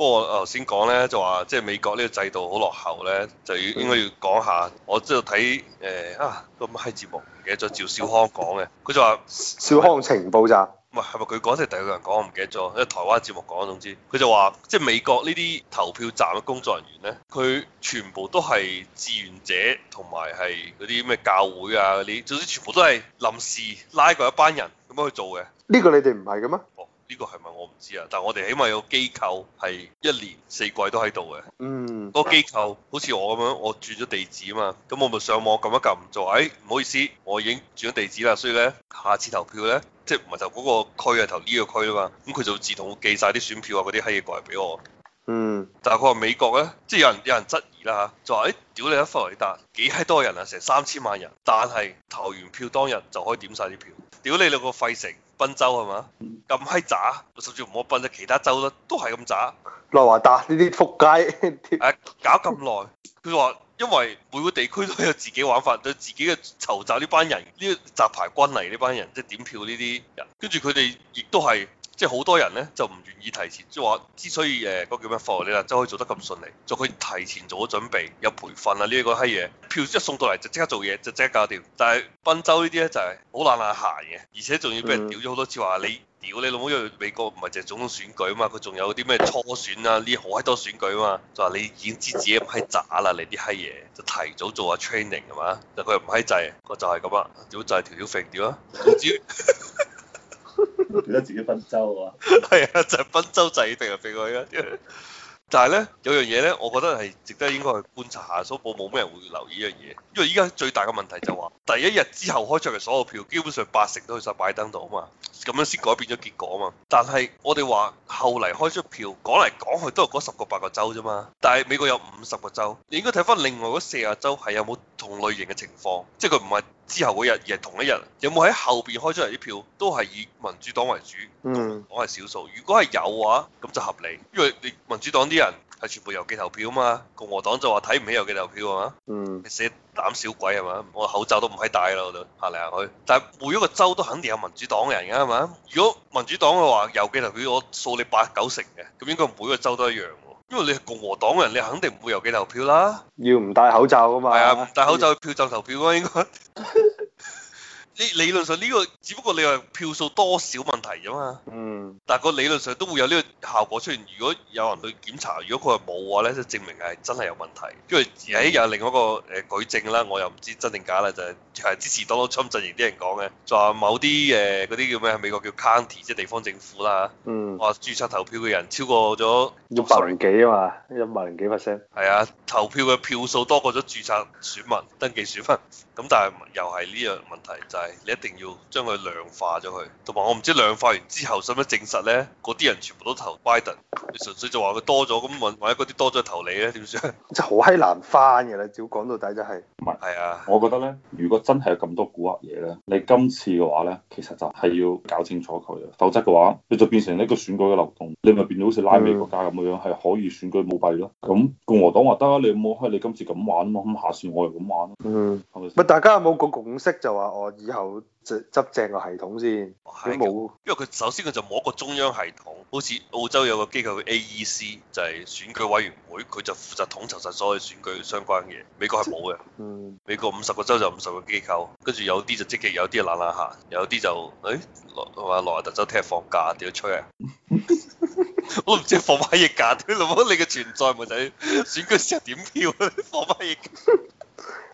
不過我頭先講咧就話，即係美國呢個制度好落後咧，就要的應該要講下。我知道睇誒啊，咁閪節目唔記得咗，趙少康講嘅，佢就話少康情報站。唔係，係咪佢講？即係第二個人講，我唔記得咗，因為台灣節目講，總之，佢就話即係美國呢啲投票站嘅工作人員咧，佢全部都係志願者同埋係嗰啲咩教會啊嗰啲，總之全部都係臨時拉過一班人咁樣去做嘅。呢個你哋唔係嘅咩？呢個係咪我唔知啊，但係我哋起碼有機構係一年四季都喺度嘅。嗯。個機構好似我咁樣，我轉咗地址啊嘛，咁我咪上網撳一撳，就話誒唔好意思，我已經轉咗地址啦，所以呢，下次投票呢，即係唔係投嗰個區啊，投呢個區啊嘛，咁佢就自動寄晒啲選票啊嗰啲閪嘢過嚟俾我。嗯。但係佢話美國呢，即係有人有人質疑啦嚇，就話誒屌你一佛羅里達幾閪多人啊，成三千萬人，但係投完票當日就可以點晒啲票，屌你兩個廢城！賓州係嘛，咁閪渣，甚至唔好賓啦，其他州啦，都係咁渣。內華達呢啲仆街，誒 搞咁耐，佢話因為每個地區都有自己玩法，對自己嘅籌集呢班人，呢個雜牌軍嚟呢班人，即係點票呢啲人，跟住佢哋亦都係。即係好多人咧就唔願意提前，即係話之所以誒嗰、那個、叫咩課，你佛羅里達可以做得咁順利，就佢提前做咗準備，有培訓啊呢啲嗰閪嘢，票一送到嚟就即刻做嘢，就即刻搞掂。但係賓州呢啲咧就係、是、好懶懶閒嘅，而且仲要俾人屌咗好多次，話你屌你老母！因為美國唔係淨係總統選舉啊嘛，佢仲有啲咩初選啊呢好閪多選舉啊嘛，就話你已經知自己唔係渣啦，你啲閪嘢就提早做下 training 係嘛？但佢又唔閪滯，個就係咁啊，屌就係條條肥屌啊！ 都俾得自己分州啊嘛？係 啊，就係、係、分州制定嚟俾佢啊？ 但係呢，有樣嘢呢，我覺得係值得應該去觀察下，所以我冇咩人會留意呢樣嘢。因為依家最大嘅問題就話，第一日之後開出嘅所有票，基本上八成都去晒拜登度啊嘛。咁樣先改變咗結果啊嘛。但係我哋話後嚟開出票，講嚟講去都係嗰十個八個州啫嘛。但係美國有五十個州，你應該睇翻另外嗰四啊州係有冇同類型嘅情況，即係佢唔係。之後嗰日而係同一日，有冇喺後邊開出嚟啲票都係以民主黨為主，我係少數。如果係有嘅話，咁就合理，因為你民主黨啲人係全部郵寄投票啊嘛，共和黨就話睇唔起郵寄投票啊嘛，嗯、你死膽小鬼係嘛？我口罩都唔喺戴咯，行嚟行去。但係每一個州都肯定有民主黨嘅人㗎係嘛？如果民主黨嘅話郵寄投票，我數你八九成嘅，咁應該每一個州都一樣。因為你係共和黨人，你肯定唔會郵寄投票啦。要唔戴口罩㗎嘛？係 啊，戴口罩票就投票咯，應該。 呢理論上呢、呢個只不過你話票數多少問題啫嘛。嗯。但係個理論上都會有呢個效果出現。如果有人去檢查，如果佢話冇嘅話咧，即係證明係真係有問題。因為而家又係另外一個誒舉證啦，我又唔知真定假啦，就係、是、係支持 Donald Trump 陣營啲人講嘅，就話某啲誒嗰啲叫咩？美國叫 county 即係地方政府啦嚇。嗯。話註冊投票嘅人超過咗五百零幾啊嘛，一百零幾 percent。係啊，投票嘅票數多過咗註冊選民登記選民。咁但係又係呢樣問題就係、是。你一定要將佢量化咗佢，同埋我唔知量化完之後使乜證實咧？嗰啲人全部都投拜登，你純粹就話佢多咗，咁萬一嗰啲多咗投你咧點算？真係好閪難翻嘅啦，照講到底就係。唔係，係啊，我覺得咧，如果真係有咁多古惑嘢咧，你今次嘅話咧，其實就係要搞清楚佢，否則嘅話你就變成呢個選舉嘅漏洞，你咪變咗好似拉美國家咁嘅樣，係、嗯、可以選舉舞弊咯。咁共和黨話得啦，你冇閪，你今次咁玩咯，咁下次我又咁玩咯。係咪？大家有冇個共識就話我？之後執執正個系統先，佢冇，因為佢首先佢就冇一個中央系統，好似澳洲有個機構叫 AEC，就係選舉委員會，佢就負責統籌曬所有選舉相關嘢。美國係冇嘅，美國五十個州就五十個機構，跟住有啲就積極，有啲就懶懶下，有啲就，誒，話羅特州聽日放假，點樣吹啊！我唔知放乜嘢假，你冇你嘅存在咪就係選舉時候點票啊？放乜嘢？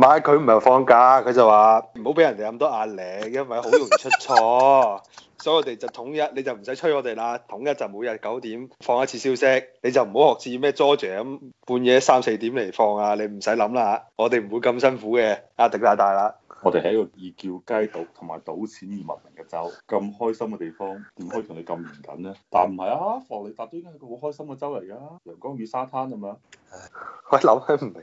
買佢唔係放假，佢就話唔好俾人哋咁多壓力，因為好容易出錯， 所以我哋就統一，你就唔使催我哋啦，統一就每日九點放一次消息，你就唔好學似咩 Jojo 咁半夜三四點嚟放啊，你唔使諗啦我哋唔會咁辛苦嘅，壓力大大啦。我哋喺一個以叫街道同埋賭錢而聞名嘅州，咁開心嘅地方點可以同你咁嚴謹呢？但唔係啊，佛利達都應該係個好開心嘅州嚟噶，陽光與沙灘係咪啊？我諗起唔明。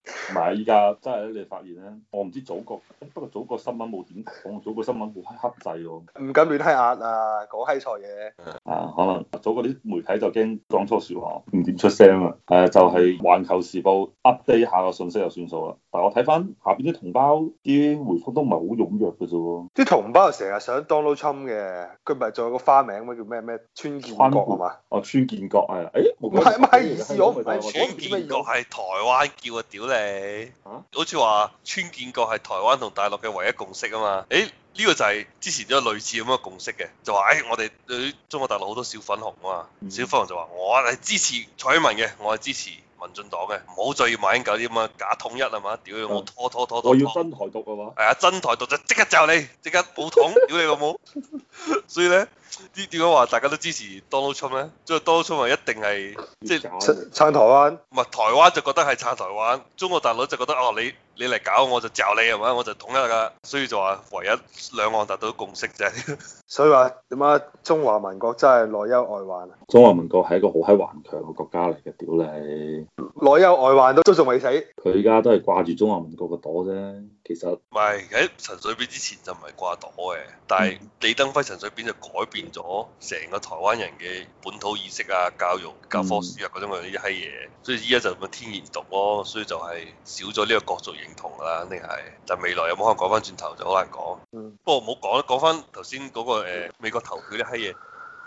但係依家真係咧，你發現咧，我唔知祖國、欸，不過祖國新聞冇點講，祖國新聞冇黑制喎，唔敢亂睇壓啊，講閪錯嘢。啊，可能祖國啲媒體就驚講錯説話，唔點出聲啊。誒，就係、是《環球時報》update 下個信息就算數啦。但係我睇翻下邊啲同胞啲回覆都唔係好踴躍嘅啫喎。啲同胞成日想當撈侵咁嘅，佢咪仲有個花名咩叫咩咩？川建國係嘛？哦，川建國？係普，誒冇講。唔係、啊欸、我唔係川建國係台灣叫啊，屌你！啊、好似話川建國係台灣同大陸嘅唯一共識啊嘛，誒、欸、呢、這個就係之前都嘅類似咁嘅共識嘅，就話誒、欸、我哋對中國大陸好多小粉紅啊嘛，嗯、小粉紅就話我係支持蔡英文嘅，我係支持民進黨嘅，唔好再要馬英九啲咁嘅假統一啊嘛，屌我拖拖拖拖，拖，拖，拖要真台獨啊嘛，係啊真台獨就即刻就你，即刻冇統，屌你老母， 所以咧。啲點解話大家都支持 Donald Trump 咧？即係 Donald Trump 一定係即係撐台灣？唔係台灣就覺得係撐台灣，中國大佬就覺得哦，你你嚟搞我就嚼你係嘛？我就，我就統一啦，所以就話唯一兩岸達到共識啫。所以話點解中華民國真係內憂外患啊！中華民國係一個好閪頑強嘅國家嚟嘅，屌你內憂外患都都仲未死。佢而家都係掛住中華民國個朵啫，其實唔係喺陳水扁之前就唔係掛朵嘅，但係李登輝陳水扁就改變。Mm. 咗成個台灣人嘅本土意識啊、教育教科書啊嗰種嗰啲啲閪嘢，嗯、所以依家就咁嘅天然獨咯，所以就係少咗呢個國族認同啦，肯定係。但、就、係、是、未來有冇可能改翻轉頭就好難講。嗯、不過唔好講啦，講翻頭先嗰個誒美國投票啲閪嘢，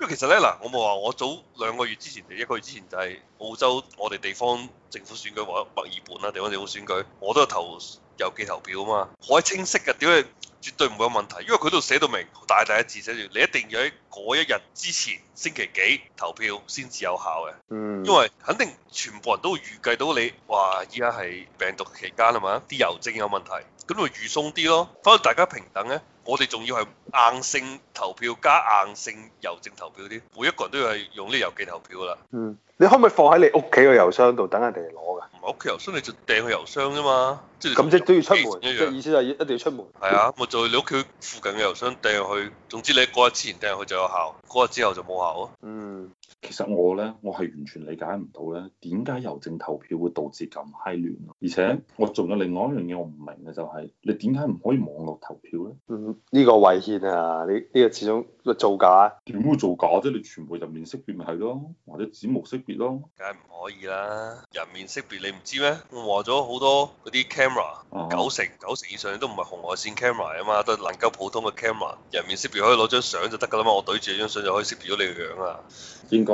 因為其實咧嗱，我冇話我早兩個月之前定一個月之前就係澳洲我哋地方政府選舉或者墨爾本啦地方政府選舉，我都係投郵寄投票啊嘛，好清晰嘅屌你，絕對唔會有問題，因為佢都寫到明，大大嘅字寫住，你一定要喺嗰一日之前星期幾投票先至有效嘅，嗯，因為肯定全部人都會預計到你，哇！依家係病毒期間啊嘛，啲郵政有問題。咁咪緩鬆啲咯，反正大家平等咧，我哋仲要係硬性投票加硬性郵政投票啲，每一個人都要係用啲郵寄投票啦。嗯，你可唔可以放喺你屋企嘅郵箱度等人哋攞噶？唔係屋企郵箱，你就掟去郵箱啫嘛。咁即都要出門，即係意思就一定要出門。係啊，咪就你屋企附近嘅郵箱掟入去，總之你嗰日之前掟入去就有效，嗰日之後就冇效咯。嗯。其實我咧，我係完全理解唔到咧，點解郵政投票會導致咁閪亂？而且我仲有另外一樣嘢我唔明嘅就係，你點解唔可以網絡投票咧？嗯，呢個違憲啊！呢、呢個始終造假啊？點會造假啫？你全部人面識別咪係咯，或者指模識別咯？梗係唔可以啦！人面識別你唔知咩？我話咗好多嗰啲 camera，嗯，九成九成以上都唔係紅外線 camera 啊嘛，都係能夠普通嘅 camera，人面識別可以攞張相就得噶啦嘛，我對住你張相就可以識別咗你嘅樣啊！應該？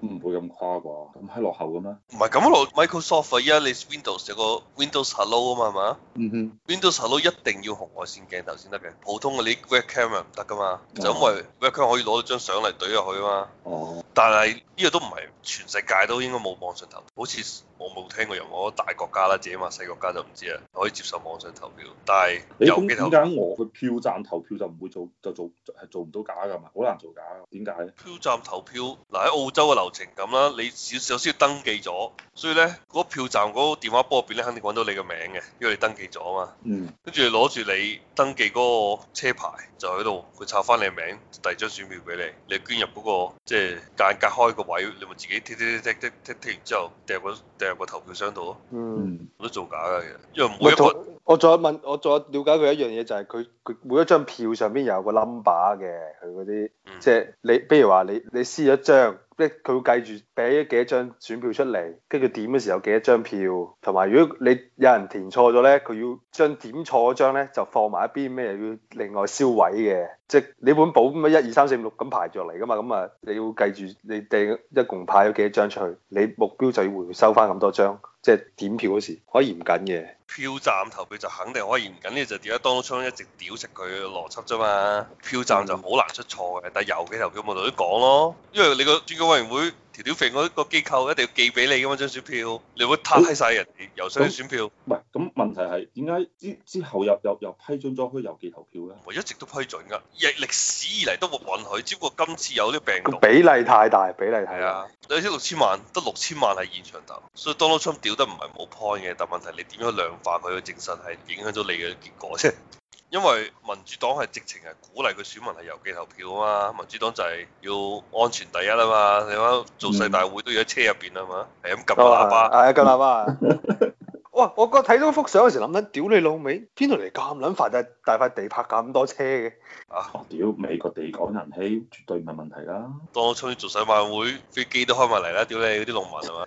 唔會咁誇啩，咁喺落後嘅咩？唔係咁落 Microsoft 依、啊、家你 Windows 有個 Windows Hello 啊嘛，係嘛？Windows、mm hmm. Windows Hello 一定要紅外線鏡頭先得嘅，普通嘅你 Web Camera 唔得噶嘛，oh. 就因為 Web Camera 可以攞到張相嚟對入去啊嘛。哦。Oh. 但係呢個都唔係全世界都應該冇網上投票，好似我冇聽過任何大國家啦，自己話細國家就唔知啦，可以接受網上投票，但係郵寄投票。你點解我去票站投票就唔會做就做係做唔到假㗎嘛？好難做假，點解？票站投票嗱喺、啊、澳洲嘅流。情感啦，你少少首先要登記咗，所以咧嗰票站嗰個電話波入邊咧，肯定揾到你嘅名嘅，因為你登記咗啊嘛。嗯。跟住攞住你登記嗰個車牌就，就喺度佢抄翻你嘅名，遞張選票俾你，你捐入嗰、那個即係間隔開個位，你咪自己剔剔剔剔剔剔完之後，掉入，入個投票箱度咯。嗯。我都做假嘅，因為每、嗯、我再問我再了解佢一樣嘢，就係佢佢每一張票上邊有個 number 嘅，佢嗰啲即係你，比如話你你撕咗一張。即係佢會計住俾幾多張選票出嚟，跟住點嘅時候有幾多張票，同埋如果你有人填錯咗咧，佢要將點錯嗰張咧就放埋一邊。咩，要另外銷毀嘅。即係你本簿咁啊，一二三四五六咁排咗嚟噶嘛，咁啊，你要計住你掟一共派咗幾多張出去，你目標就要回收翻咁多張，即係點票嗰時可以嚴謹嘅。票站投票就肯定可以嚴謹，呢就點解當初一直屌食佢嘅邏輯啫嘛？票站就好難出錯嘅，嗯、但郵寄投票冇就都講咯，因為你個選舉委員會。條條肥，嗰個機構一定要寄俾你㗎嘛，張選票，你會批晒人哋郵箱選票。唔係，咁問題係點解之之後又又又，又批准咗佢郵寄投票咧？我一直都批准噶，歷歷史以嚟都冇允許，只不過今次有啲病毒比例太大，比例係啊，你睇六千萬，得六千萬係現場投，所以 Donald Trump 屌得唔係冇 point 嘅，但問題你點樣量化佢嘅精神係影響咗你嘅結果啫？ 因為民主黨係直情係鼓勵個選民係郵寄投票啊嘛，民主黨就係要安全第一啊嘛，你話做世大會都要喺車入邊啊嘛、啊，係咁撳個喇叭，係撳喇叭。啊、小文哇，我個睇到幅相嗰時諗緊，屌你老味，邊度嚟咁撚煩，帶大塊地泊咁多車嘅？啊，屌美國地廣人稀，絕對唔係問題啦、啊。當初出做世大會，飛機都開埋嚟啦，屌你嗰啲農民係嘛？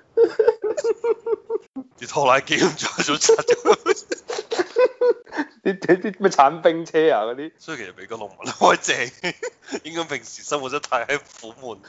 啲小文、啊、拖拉機唔再想拆咗。小文小文啲啲啲咩鏟冰車啊，嗰啲，所以其實美國農民好正，應該平時生活得太苦悶。